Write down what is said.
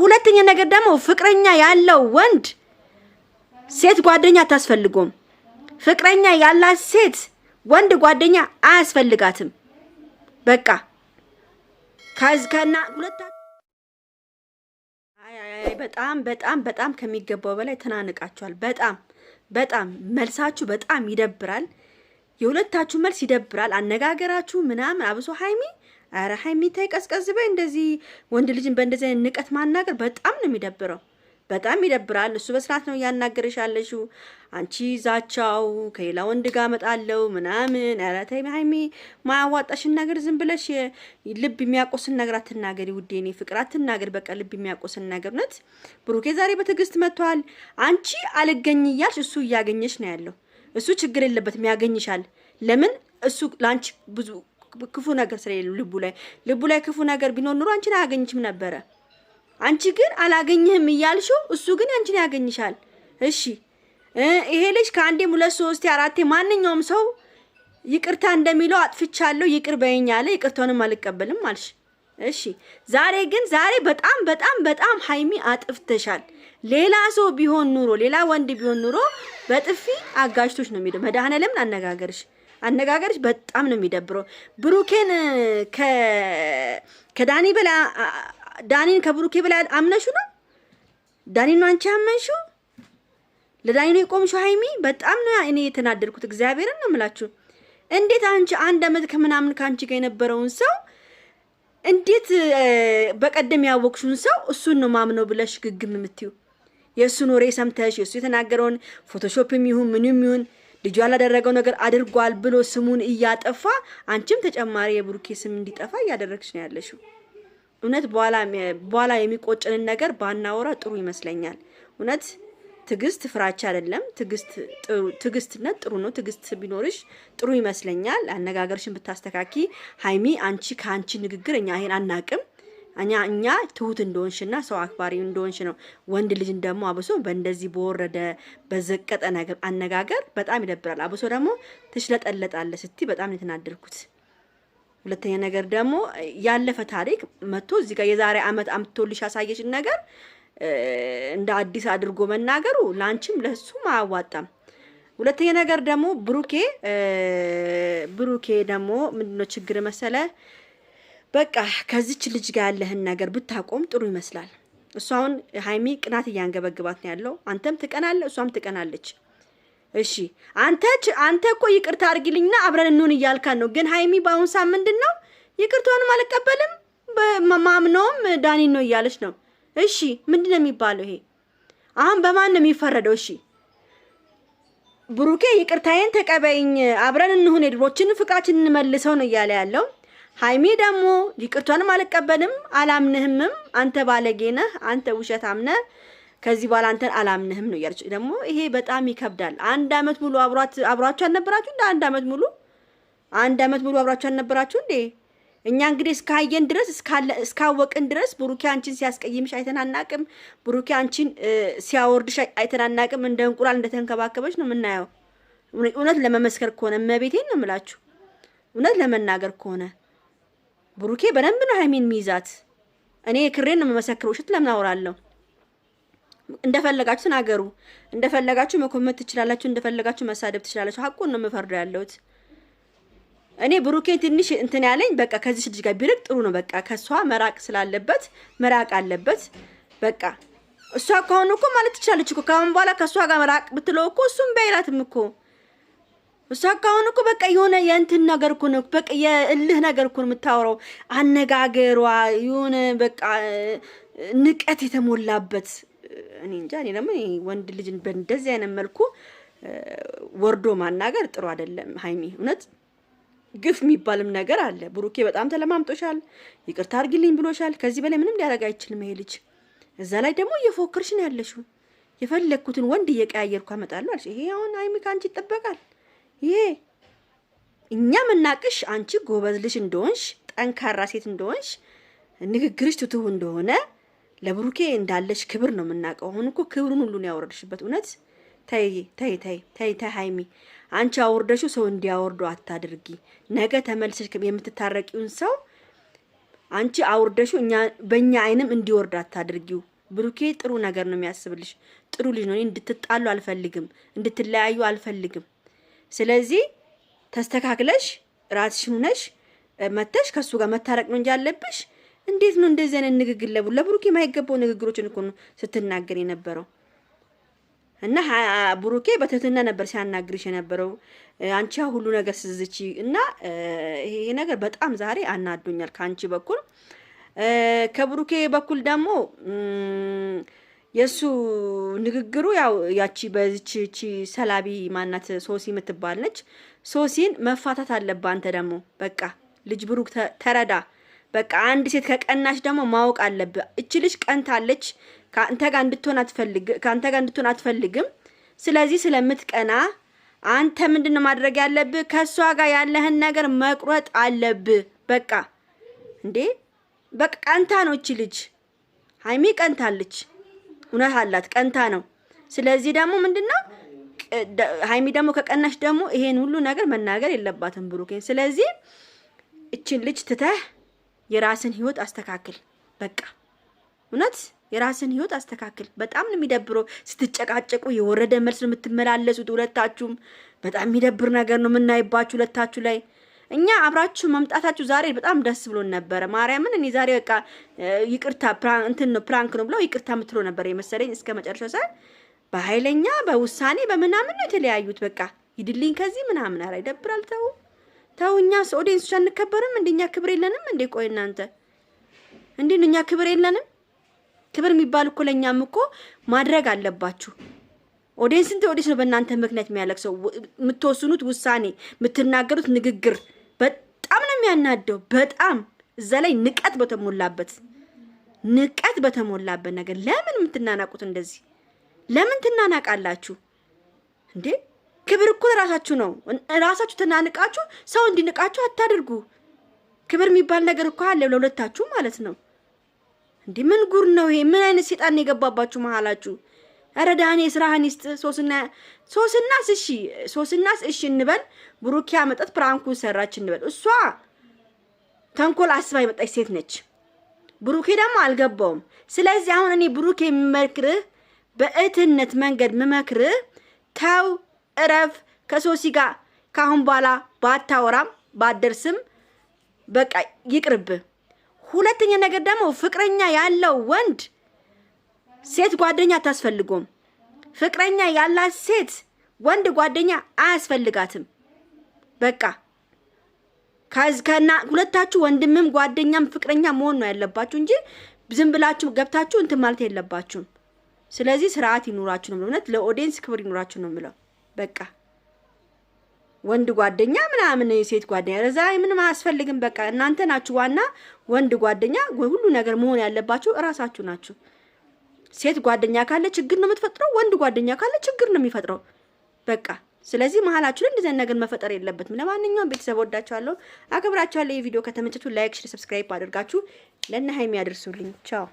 ሁለተኛ ነገር ደግሞ ፍቅረኛ ያለው ወንድ ሴት ጓደኛ አታስፈልጎም። ፍቅረኛ ያላት ሴት ወንድ ጓደኛ አያስፈልጋትም። በቃ ከና ሁለት በጣም በጣም በጣም ከሚገባው በላይ ተናንቃችኋል። በጣም በጣም መልሳችሁ በጣም ይደብራል። የሁለታችሁ መልስ ይደብራል። አነጋገራችሁ ምናምን አብሶ ሀይሚ አረ ሀይሚ ተይ ቀዝቀዝ በይ። እንደዚህ ወንድ ልጅን በእንደዚህ አይነት ንቀት ማናገር በጣም ነው የሚደብረው። በጣም ይደብራል። እሱ በስርዓት ነው እያናገረሽ ያለሽው። አንቺ ዛቻው ከሌላ ወንድ ጋር መጣለው ምናምን። ኧረ ተይ ሀይሚ፣ ማያዋጣሽን ነገር ዝም ብለሽ ልብ የሚያቆስን ነገር አትናገሪ ውዴ፣ እኔ ፍቅር አትናገር፣ በቃ ልብ የሚያቆስን ነገር ነት። ብሩኬ ዛሬ በትዕግስት መጥቷል። አንቺ አልገኝ እያልሽ እሱ እያገኘሽ ነው ያለው። እሱ ችግር የለበትም ያገኝሻል። ለምን እሱ ለአንቺ ብዙ ክፉ ነገር ስለሌለ ልቡ ላይ ልቡ ላይ ክፉ ነገር ቢኖር ኑሮ አንቺን አያገኝችም ነበረ። አንቺ ግን አላገኝህም እያልሽው እሱ ግን አንቺን ያገኝሻል። እሺ ይሄ ልጅ ከአንዴም ሁለት ሶስቴ አራቴ ማንኛውም ሰው ይቅርታ እንደሚለው አጥፍቻለሁ ይቅር በይኝ አለ። ይቅርታውንም አልቀበልም አልሽ። እሺ ዛሬ ግን ዛሬ በጣም በጣም በጣም ሀይሚ አጥፍተሻል። ሌላ ሰው ቢሆን ኑሮ ሌላ ወንድ ቢሆን ኑሮ በጥፊ አጋጅቶች ነው የሚሄደው። መድኃኔዓለምን አነጋገርሽ አነጋገርሽ በጣም ነው የሚደብረው። ብሩኬን ከዳኒ በላ ዳኒን ከብሩኬ በላይ አምነሹ ነው ዳኒን አንቺ አመንሹ? ለዳኒ ነው የቆምሹ? ሀይሚ። በጣም ነው እኔ የተናደድኩት። እግዚአብሔርን ነው የምላችሁ። እንዴት አንቺ አንድ አመት ከምናምን ከአንቺ ጋር የነበረውን ሰው እንዴት በቀደም ያወቅሹን ሰው እሱን ነው ማምነው ብለሽ ግግም የምትዩ የእሱን ወሬ ሰምተሽ የእሱ የተናገረውን ፎቶሾፕም ይሁን ምንም ይሁን ልጁ ያላደረገው ነገር አድርጓል ብሎ ስሙን እያጠፋ አንቺም ተጨማሪ የብሩኬ ስም እንዲጠፋ እያደረግሽ ነው ያለሽው። እውነት በኋላ የሚቆጭንን ነገር ባናወራ ጥሩ ይመስለኛል። እውነት ትግስት ፍራቻ አይደለም። ትግስትነት ጥሩ ነው። ትግስት ቢኖርሽ ጥሩ ይመስለኛል። አነጋገርሽን ብታስተካኪ ሀይሚ፣ አንቺ ከአንቺ ንግግር እኛ ይሄን አናቅም። እኛ እኛ ትሁት እንደሆንሽና ሰው አክባሪ እንደሆንሽ ነው። ወንድ ልጅን ደግሞ አብሶ በእንደዚህ በወረደ በዘቀጠ ነገር አነጋገር በጣም ይደብራል። አብሶ ደግሞ ትሽለጠለጣለ ስቲ በጣም የተናደርኩት። ሁለተኛ ነገር ደግሞ ያለፈ ታሪክ መጥቶ እዚህ ጋር የዛሬ አመት አምጥቶልሽ ያሳየሽን ነገር እንደ አዲስ አድርጎ መናገሩ ለአንቺም ለሱም አያዋጣም። ሁለተኛ ነገር ደግሞ ብሩኬ ብሩኬ ደግሞ ምንድነው ችግር መሰለ በቃ ከዚች ልጅ ጋር ያለህን ነገር ብታቆም ጥሩ ይመስላል። እሱ አሁን ሀይሚ ቅናት እያንገበግባት ነው ያለው። አንተም ትቀናለ፣ እሷም ትቀናለች። እሺ አንተ አንተ እኮ ይቅርታ አድርጊልኝና አብረን እንሆን እያልካን ነው። ግን ሀይሚ በአሁን ሳ ምንድን ነው ይቅርታውንም አልቀበልም በማምነውም ዳኒን ነው እያለች ነው። እሺ ምንድን ነው የሚባለው ይሄ? አሁን በማን ነው የሚፈረደው? እሺ ብሩኬ ይቅርታዬን ተቀበይኝ፣ አብረን እንሁን፣ የድሮችን ፍቅራችን እንመልሰው ነው እያለ ያለው ሀይሚ ደግሞ ይቅርቷንም አልቀበልም አላምንህምም፣ አንተ ባለጌ ነህ፣ አንተ ውሸት አምነ ከዚህ በኋላ አንተን አላምንህም ነው እያለች ደግሞ ይሄ በጣም ይከብዳል። አንድ አመት ሙሉ አብሯችሁ አልነበራችሁ እንደ አንድ አመት ሙሉ አንድ አመት ሙሉ አብሯችሁ አልነበራችሁ እንዴ? እኛ እንግዲህ እስካየን ድረስ እስካወቅን ድረስ ብሩኬ አንቺን ሲያስቀይምሽ አይተን አናቅም። ብሩኬ አንቺን ሲያወርድሽ አይተን አናቅም። እንደ እንቁላል እንደተንከባከበች ነው የምናየው። እውነት ለመመስከር ከሆነ እመቤቴን ነው የምላችሁ እውነት ለመናገር ከሆነ ብሩኬ በደንብ ነው ሀይሚን ሚይዛት። እኔ ክሬን ነው የምመሰክረው። እሽት ለምን እንደፈለጋችሁ ተናገሩ፣ እንደፈለጋችሁ መኮመት ትችላላችሁ፣ እንደፈለጋችሁ መሳደብ ትችላላችሁ። ሀቁን ነው የምፈርደው ያለሁት እኔ። ብሩኬ ትንሽ እንትን ያለኝ በቃ ከዚች ልጅ ጋር ቢርቅ ጥሩ ነው። በቃ ከሷ መራቅ ስላለበት መራቅ አለበት። በቃ እሷ ከሆኑ እኮ ማለት ትችላለች እኮ። ከአሁን በኋላ ከእሷ ጋር መራቅ ብትለው እኮ እሱም በይላትም እኮ እሷ ካሁን እኮ በቃ የሆነ የእንትን ነገር እኮ ነው፣ በቃ የእልህ ነገር እኮ የምታወራው አነጋገሯ የሆነ በቃ ንቀት የተሞላበት እኔ እንጃ። እኔ ደግሞ ወንድ ልጅን በእንደዚህ አይነት መልኩ ወርዶ ማናገር ጥሩ አይደለም። ሀይሚ እውነት ግፍ የሚባልም ነገር አለ። ብሩኬ በጣም ተለማምጦሻል፣ ይቅርታ አድርጊልኝ ብሎሻል። ከዚህ በላይ ምንም ሊያደርግ አይችልም ይሄ ልጅ። እዛ ላይ ደግሞ እየፎክርሽ ነው ያለሽው። የፈለግኩትን ወንድ እየቀያየርኩ አመጣለሁ አልሽ። ይሄ አሁን ሀይሚ ከአንቺ ይጠበቃል። ይሄ እኛ ምናቅሽ አንቺ ጎበዝ ልጅ እንደሆንሽ፣ ጠንካራ ሴት እንደሆንሽ፣ ንግግርሽ ትትሁ እንደሆነ ለብሩኬ እንዳለሽ ክብር ነው የምናውቀው። አሁን እኮ ክብሩን ሁሉ ነው ያወረድሽበት። እውነት ተይ ተይ ተይ ተይ ተይ ሀይሚ፣ አንቺ አወርደሽው ሰው እንዲያወርዶ አታድርጊ። ነገ ተመልሰሽ የምትታረቂውን ሰው አንቺ አውርደሽው እኛ በእኛ አይንም እንዲወርድ አታድርጊው። ብሩኬ ጥሩ ነገር ነው የሚያስብልሽ፣ ጥሩ ልጅ ነው። እኔ እንድትጣሉ አልፈልግም፣ እንድትለያዩ አልፈልግም። ስለዚህ ተስተካክለሽ ራስሽን ሆነሽ መተሽ ከእሱ ጋር መታረቅ ነው እንጂ አለብሽ። እንዴት ነው እንደዚህ አይነት ንግግር ለቡ ለብሩኬ የማይገባው ንግግሮችን እኮ ነው ስትናገር የነበረው እና ብሩኬ በትህትና ነበር ሲያናግርሽ የነበረው አንቺ ሁሉ ነገር ስዝች እና ይሄ ነገር በጣም ዛሬ አናዶኛል ከአንቺ በኩል ከብሩኬ በኩል ደግሞ የእሱ ንግግሩ ያው ያቺ በዚች ቺ ሰላቢ ማናት ሶሲ የምትባል ነች። ሶሲን መፋታት አለብህ አንተ ደግሞ በቃ ልጅ ብሩክ ተረዳ። በቃ አንድ ሴት ከቀናች ደግሞ ማወቅ አለብህ። እች ልጅ ቀንታለች። ከአንተ ጋር እንድትሆን አትፈልግ ከአንተ ጋር እንድትሆን አትፈልግም። ስለዚህ ስለምትቀና አንተ ምንድን ማድረግ ያለብህ? ከእሷ ጋር ያለህን ነገር መቁረጥ አለብህ። በቃ እንዴ በቃ ቀንታ ነው እች ልጅ ሀይሚ ቀንታለች። እውነት አላት ቀንታ ነው። ስለዚህ ደግሞ ምንድነው ሀይሚ ደግሞ ከቀናሽ ደግሞ ይሄን ሁሉ ነገር መናገር የለባትም ብሩኬ። ስለዚህ እችን ልጅ ትተህ የራስን ህይወት አስተካክል። በቃ እውነት የራስን ህይወት አስተካክል። በጣም ነው የሚደብረው ስትጨቃጨቁ፣ የወረደ መልስ ነው የምትመላለሱት ሁለታችሁም። በጣም የሚደብር ነገር ነው የምናይባችሁ ሁለታችሁ ላይ እኛ አብራችሁ መምጣታችሁ ዛሬ በጣም ደስ ብሎን ነበረ። ማርያምን እኔ ዛሬ በቃ ይቅርታ እንትን ነው ፕራንክ ነው ብለው ይቅርታ ምትሎ ነበር የመሰለኝ እስከ መጨረሻው ሰ በኃይለኛ በውሳኔ በምናምን ነው የተለያዩት። በቃ ሂድልኝ ከዚህ ምናምን። ኧረ ይደብራል። ተው ተው። እኛ ኦዲየንሶች አንከበርም እንዴ? እኛ ክብር የለንም እንዴ? ቆይ እናንተ እንዴ ነው እኛ ክብር የለንም? ክብር የሚባል እኮ ለእኛም እኮ ማድረግ አለባችሁ። ኦዲየንስ እንትን ኦዲየንስ ነው በእናንተ ምክንያት የሚያለቅሰው። የምትወስኑት ውሳኔ፣ የምትናገሩት ንግግር በጣም ነው የሚያናደው። በጣም እዛ ላይ ንቀት በተሞላበት ንቀት በተሞላበት ነገር ለምን የምትናናቁት እንደዚህ ለምን ትናናቃላችሁ እንዴ? ክብር እኮ ለራሳችሁ ነው። ራሳችሁ ትናንቃችሁ ሰው እንዲንቃችሁ አታድርጉ። ክብር የሚባል ነገር እኮ አለ ለሁለታችሁ ማለት ነው። እንዲህ ምን ጉር ነው ይሄ? ምን አይነት ሴጣን የገባባችሁ መሀላችሁ? ኧረ ዳኔ ስራህን ይስጥ። ሶስና ሶስናስ እሺ ሶስናስ እሺ እንበል። ብሩኪ መጠት ፕራንኩን ሰራች እንበል። እሷ ተንኮል አስባ የመጣች ሴት ነች። ብሩኬ ደግሞ አልገባውም። ስለዚህ አሁን እኔ ብሩኬ የምመክርህ በእህትነት መንገድ ምመክርህ ተው፣ እረፍ ከሶሲ ጋር ከአሁን በኋላ ባታወራም ባደርስም በቃ ይቅርብ። ሁለተኛ ነገር ደግሞ ፍቅረኛ ያለው ወንድ ሴት ጓደኛ አታስፈልጎም። ፍቅረኛ ያላት ሴት ወንድ ጓደኛ አያስፈልጋትም። በቃ ከና ሁለታችሁ ወንድምም ጓደኛም ፍቅረኛ መሆን ነው ያለባችሁ እንጂ ዝም ብላችሁ ገብታችሁ እንትን ማለት የለባችሁም። ስለዚህ ስርዓት ይኑራችሁ ነው እውነት፣ ለኦዲየንስ ክብር ይኑራችሁ ነው የምለው። በቃ ወንድ ጓደኛ ምናምን የሴት ጓደኛ ረዛ ምንም አያስፈልግም። በቃ እናንተ ናችሁ ዋና ወንድ ጓደኛ፣ ሁሉ ነገር መሆን ያለባችሁ እራሳችሁ ናችሁ። ሴት ጓደኛ ካለ ችግር ነው የምትፈጥረው፣ ወንድ ጓደኛ ካለ ችግር ነው የሚፈጥረው። በቃ ስለዚህ መሀላችሁ ላይ እንደዚህ ነገር መፈጠር የለበትም። ለማንኛውም ቤተሰብ ወዳቸዋለሁ፣ አከብራችኋለሁ። የቪዲዮ ከተመቸቱ ላይክ፣ ሼር፣ ሰብስክራይብ አድርጋችሁ ለእነ ሀይሚ ያደርሱልኝ። ቻው